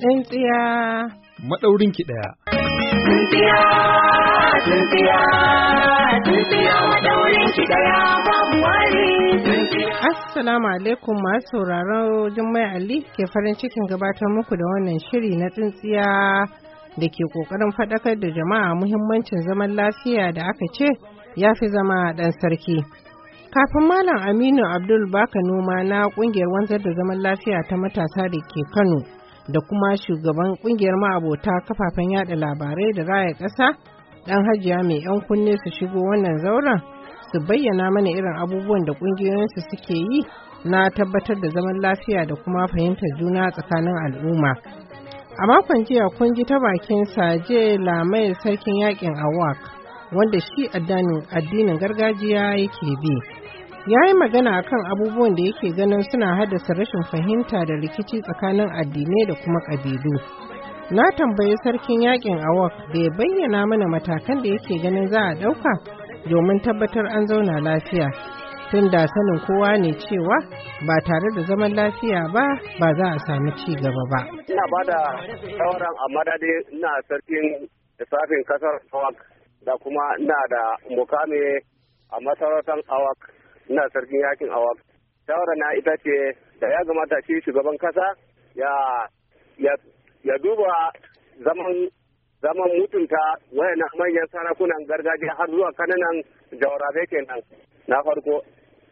Tsintsiya. Maɗaurin ki ɗaya. Tsintsiya, tsintsiya, tsintsiya maɗaurin ki ɗaya babu wani. Assalamu alaikum masu sauraron Jummai Ali ke farin cikin gabatar muku da wannan shiri na tsintsiya da ke ƙoƙarin faɗakar da jama'a muhimmancin zaman lafiya da aka ce ya fi zama ɗan sarki. Kafin Malam Aminu Abdul Baka Noma na ƙungiyar wanzar da zaman lafiya ta matasa da ke Kano da kuma shugaban kungiyar ma'abota kafafen yada labarai da raya ƙasa ɗan hajiya mai 'yan kunne su shigo wannan zauren su bayyana mana irin abubuwan da ƙungiyoyinsu suke yi na tabbatar da zaman lafiya da kuma fahimtar juna tsakanin al'umma. A makon jiya kun ji ta bakin Saje Lamai sarkin yakin Awak wanda shi addinin gargajiya yake bi. ya yi magana kan abubuwan da yake ganin suna haddasa rashin fahimta da rikici tsakanin addinai da kuma ƙabilu. Na tambayi sarkin yakin Awok da ya bayyana mana matakan da yake ganin za a ɗauka domin tabbatar an zauna lafiya. Tun da sanin kowa ne cewa ba tare da zaman lafiya ba ba za a sami ci gaba ba. Ina ba da shawaran amma dai ina sarkin lissafin kasar awak da kuma ina da mukami a masarautar awak ina sarkin yakin awa shawara na ita ce da ya gamata shi shugaban kasa ya duba zaman zaman mutunta wayannan manyan sarakunan gargajiya har zuwa kananan jawarabe kenan na farko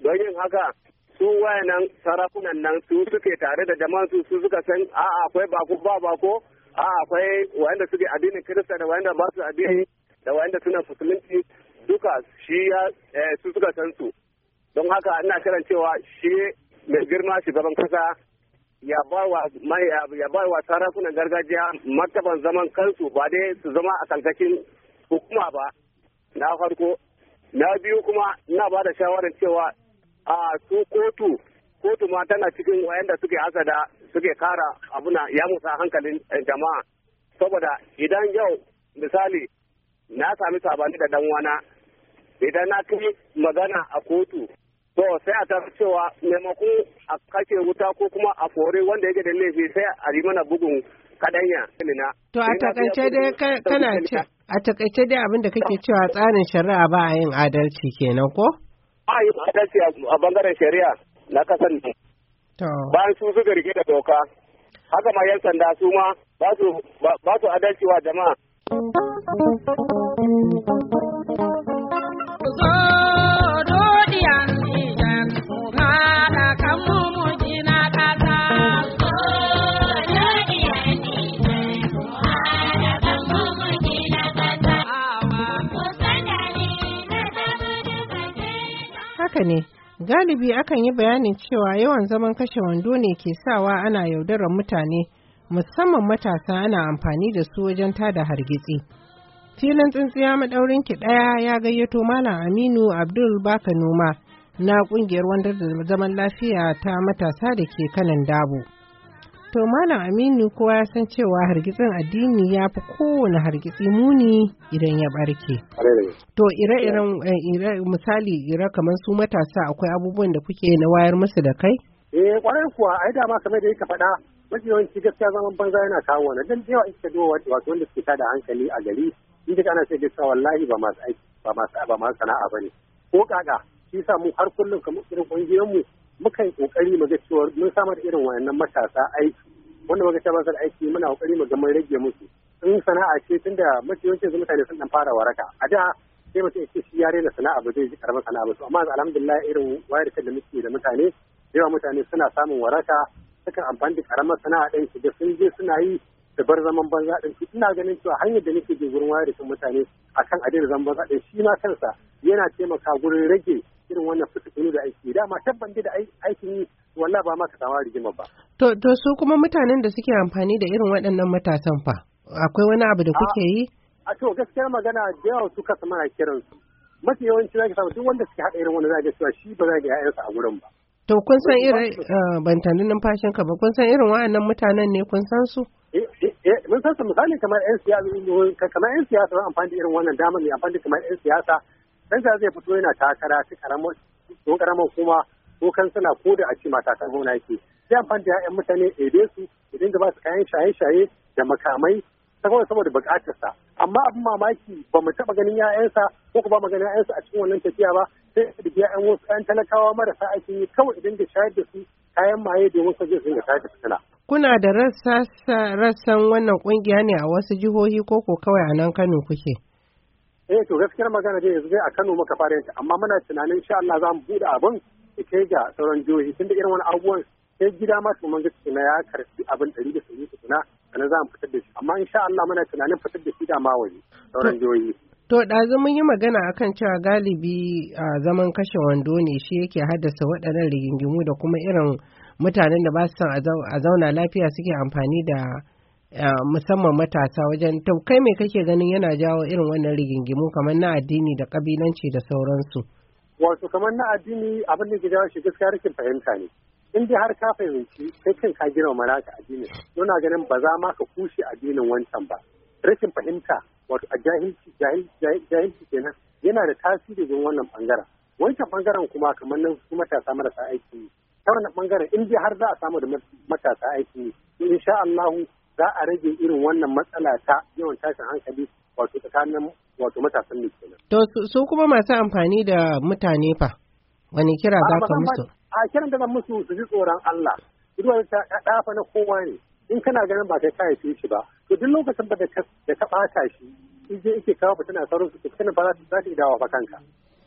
don yin haka su wayannan sarakunan nan su suke tare da jamansu su su suka san a akwai bako ba bako a akwai wayanda suke addinin kirista da wayanda ba su addini da wayanda suna musulunci duka shi ya eh, su suka san su don haka ina kiran cewa shi mai girma shugaban kasa ya ba wa sarakunan gargajiya martaban zaman kansu ba dai su zama a kankakin hukuma ba na farko na biyu kuma na ba da shawarar cewa a su kotu kotu ma tana cikin wayanda suke asada suke kara abuna ya musa hankalin eh, jama'a saboda idan yau misali na sami sabani da dan wana idan na kai magana a kotu to sai a tafi cewa maimakon a kashe wuta ko kuma a kore wanda yake da laifi sai a yi mana bugun kadanya to a takaice dai kana ce a takaice dai abin da kake cewa tsarin shari'a ba a yin adalci kenan ko ba a yin adalci a bangaren shari'a na kasan ne bayan su suka rike da doka haka ma yan sanda su ma ba su adalci wa jama'a Galibi akan yi bayanin cewa yawan zaman kashe wando ne ke sawa ana yaudarar mutane musamman matasa ana amfani da su wajen tada hargitsi. Filin tsintsiya maɗaurin ki ɗaya ya gayyato Malam Aminu Abdul Baka Noma na ƙungiyar wandar da zaman lafiya ta matasa da ke kanan dabo. To Malam Aminu kowa ya san cewa hargitsin addini ya fi kowane hargitsi muni idan ya barke. To ire-iren eh, misali ire kamar su matasa akwai abubuwan da kuke na wayar musu da kai? Eh kwarai kuwa ai da ma kamar da yake faɗa mafi yawanci gaskiya zaman banza yana kawo wani dan da yawa iska wato wanda suke tada hankali a gari Ni kana ana ce gaskiya wallahi ba masu aiki ba masu ba masu sana'a bane ko kaga shi sa mu har kullum kamar irin kungiyoyin mu mukan kokari mu ga cewa mun samar irin wayannan matasa aiki wanda muka ba aiki muna kokari mu ga mun rage musu in sana'a ce tunda mafi yawancin su mutane sun dan fara waraka a da sai mutum ya ce shi ya rena sana'a ba zai ji karamar sana'a ba to amma alhamdulillah irin wayar da muke da mutane yawa mutane suna samun waraka sukan amfani da karamar sana'a ɗin su da sun je suna yi da bar zaman banza ɗin su ina ganin cewa hanyar da nake je gurin wayar da mutane akan adadin zaman banza ɗin shi ma kansa yana taimaka gurin rage irin wannan fitattunu da aiki dama tabban da aikin yi wallah ba ma kama rigima ba. To, to su kuma mutanen da suke amfani da irin waɗannan matasan fa akwai wani abu da kuke yi? A to gaskiyar magana da yawa su kasa mana kiran su. Mafi yawanci za ka samu duk wanda suke haɗa irin wani za ka cewa shi ba za ka ‘ya'yansa a wurin ba. To kun san irin eh, bantanin numfashin ka ba kun san irin wa'annan mutanen ne kun san su? Eh, eh, mun san su misali kamar 'yan siyasa kamar 'yan siyasa amfani da irin wannan damar ne amfani kamar 'yan siyasa dan sa zai fito yana takara ta karamar karamar kuma ko suna ko da a ce mata kan gona yake sai amfani da 'ya'yan mutane ebe su ya dinga ba su kayan shaye-shaye da makamai saboda saboda sa. amma abin mamaki ba mu taba ganin 'ya'yansa ko ku ba ganin 'ya'yansa a cikin wannan tafiya ba sai da biya 'ya'yan wasu 'yan talakawa marasa ake yi kawai idan da shayar da su kayan maye domin su je su shayar da fitina. Kuna da rassan wannan kungiya ne a wasu jihohi ko ko kawai a nan Kano kuke? eh to gaskiyar magana dai yanzu dai a Kano muka fara yanki amma muna tunanin insha Allah za mu bude abin da kai ga sauran jihohi tun da irin wani abubuwan sai gida ma su manga na ya karfi abin ɗari da sun yi suna sannan za mu fitar da shi amma insha Allah muna tunanin fitar da shi da ma waje sauran jihohi. To ɗazu mun yi magana akan cewa galibi a zaman kashe wando ne shi yake haddasa waɗannan rigingimu da kuma irin mutanen da ba su son a zauna lafiya suke amfani da musamman matasa wajen taukai mai kake ganin yana jawo irin wannan rigingimu kamar na addini da kabilanci da sauransu. Wato kamar na addini abin da ke jawo shi gaskiya rikin fahimta ne. In dai har ka fahimci kai kan ka gina wa naka addinin yana ganin ba za ma ka kushe addinin wancan ba. Rikin fahimta wato a jahilci jahilci kenan yana da tasiri don wannan bangaren. Wancan bangaren kuma kamar nan su matasa marasa aiki ne. Ta wannan bangaren in dai har za a samu da matasa aiki ne. Insha Allahu za a rage irin wannan matsala ta yawan tashin hankali wato tsakanin wato matasan ne kenan. To su kuma masu amfani da mutane fa wani kira za ka musu? A kiran da musu su ji tsoron Allah. Ruwan ta ɗafa na kowa ne. In kana ganin ba kai kaya su shi ba. To duk lokacin da ka ɓata shi in je ike kawo fitina sauran su fitina ba za ta yi dawa ba kanka.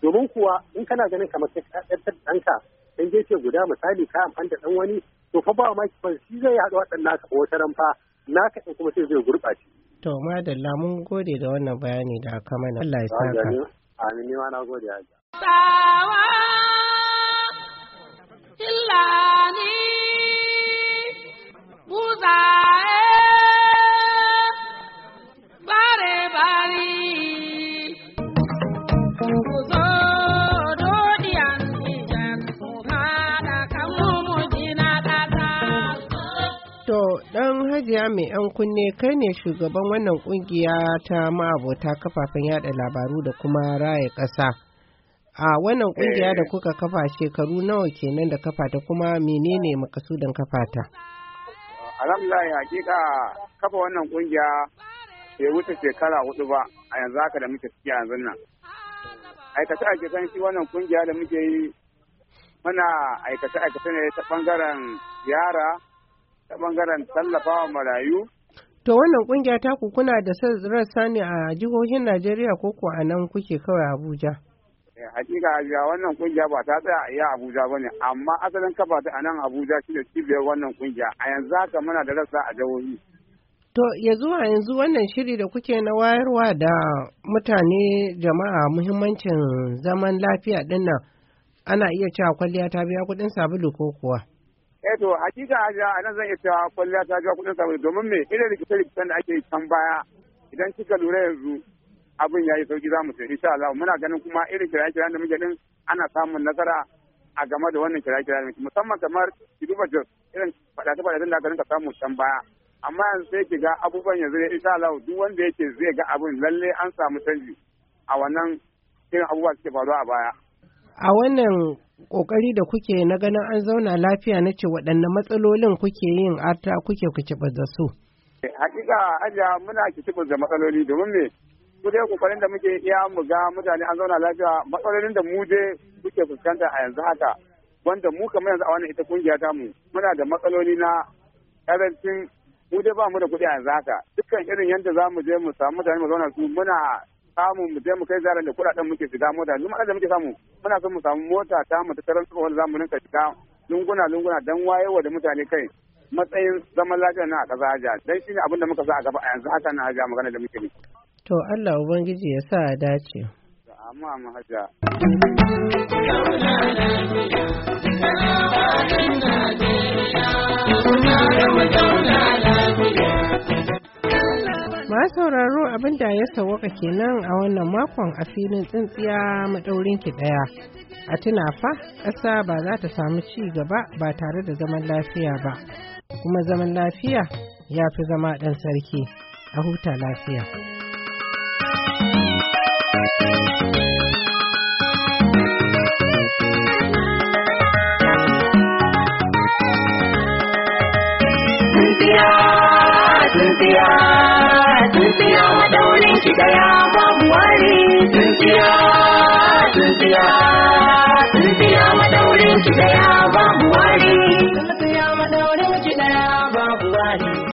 Domin kuwa in kana ganin kamar kai ɗanka ɗanka in je ce guda misali ka amfani da ɗan wani to fa ba ma shi zai haɗu waɗannan ka wata fa na kaɗan kuma sai zai gurɓace. To madalla mun gode da wannan bayani da aka mana Allah ya saka. Amin ni ma na gode haja. Sawa ni Buzaye Hajiya mai 'yan kunne kai ne shugaban wannan kungiya ta ma'abota kafafen yada labaru da kuma raya ƙasa. A wannan kungiya da eh. kuka kafa shekaru nawa kenan da kafa ta kuma menene makasudin kafa ta? Alhamdulillah hakika kafa wannan kungiya bai wuce shekara hudu ba a yanzu haka da muke ciki yanzu nan. Aikace san shi wannan kungiya da muke yi muna aikace aikace ne ta bangaren ziyara ta bangaren tallafawa marayu. To wannan kungiya ta ku kuna da rassa ne a jihohin Najeriya ko ko a nan kuke kawai Abuja? Eh, hakika jiya wannan kungiya ba ta tsaya a iya Abuja ba ne amma asalin kafa ta a nan Abuja shi da cibiyar wannan kungiya a yanzu haka muna da rassa a jihohi. To ya zuwa yanzu wannan shiri da kuke na wayarwa da mutane jama'a muhimmancin zaman lafiya dinnan ana iya cewa kwalliya ta biya kuɗin sabulu ko kuwa? eh to hakika haja a nan zan iya cewa kwalliya ta ga kudin saboda domin me irin rikice rikice da ake can baya idan kika lura yanzu abin yayi sauki za mu sai insha Allah muna ganin kuma irin kira kira da muke din ana samun nasara a game da wannan kira kira musamman kamar kiduba jos irin faɗace-faɗacen da ganin ka samu can baya amma yanzu sai ki ga abubuwan yanzu ne insha Allah duk wanda yake zai ga abin lalle an samu canji a wannan irin abubuwa suke faruwa a baya a wannan kokari da kuke na ganin an zauna lafiya na ce waɗanne matsalolin kuke yin ata kuke kicibar da su. Eh, hakika aja muna kicibar da matsaloli domin me ku dai kokarin da muke iya mu ga mutane an zauna lafiya matsalolin da mu je kuke fuskanta a yanzu haka wanda mu kamar yanzu a wannan ita kungiya ta mu muna da matsaloli na karancin mu dai ba mu da kuɗi a yanzu haka dukkan irin yadda za mu je mu samu mutane mu zauna su muna samu mu je mu kai zaran da kuɗaɗen muke shiga mota duk da muke samu muna son mu samu mota ta mu ta taron su za mu rinka shiga lunguna lunguna dan wayewa da mutane kai matsayin zaman lafiya na a ƙasa haja dan shine abin da muka sa a gaba a yanzu haka na haja magana da muke to Allah ubangiji ya sa a dace amma mu haja Thank you. Masu sauraro abin da ya sawaka kenan a wannan makon a filin tsintsiya maɗaurin ki ɗaya. A tuna fa ƙasa ba za ta samu ci gaba ba tare da zaman lafiya ba. Kuma zaman lafiya ya fi zama ɗan sarki a huta lafiya. Yeah. Tsintsiya maɗaurin ki ɗaya babu wari. Tsintsiya, tsintsiya, tsintsiya maɗaurin ki ɗaya babu wari.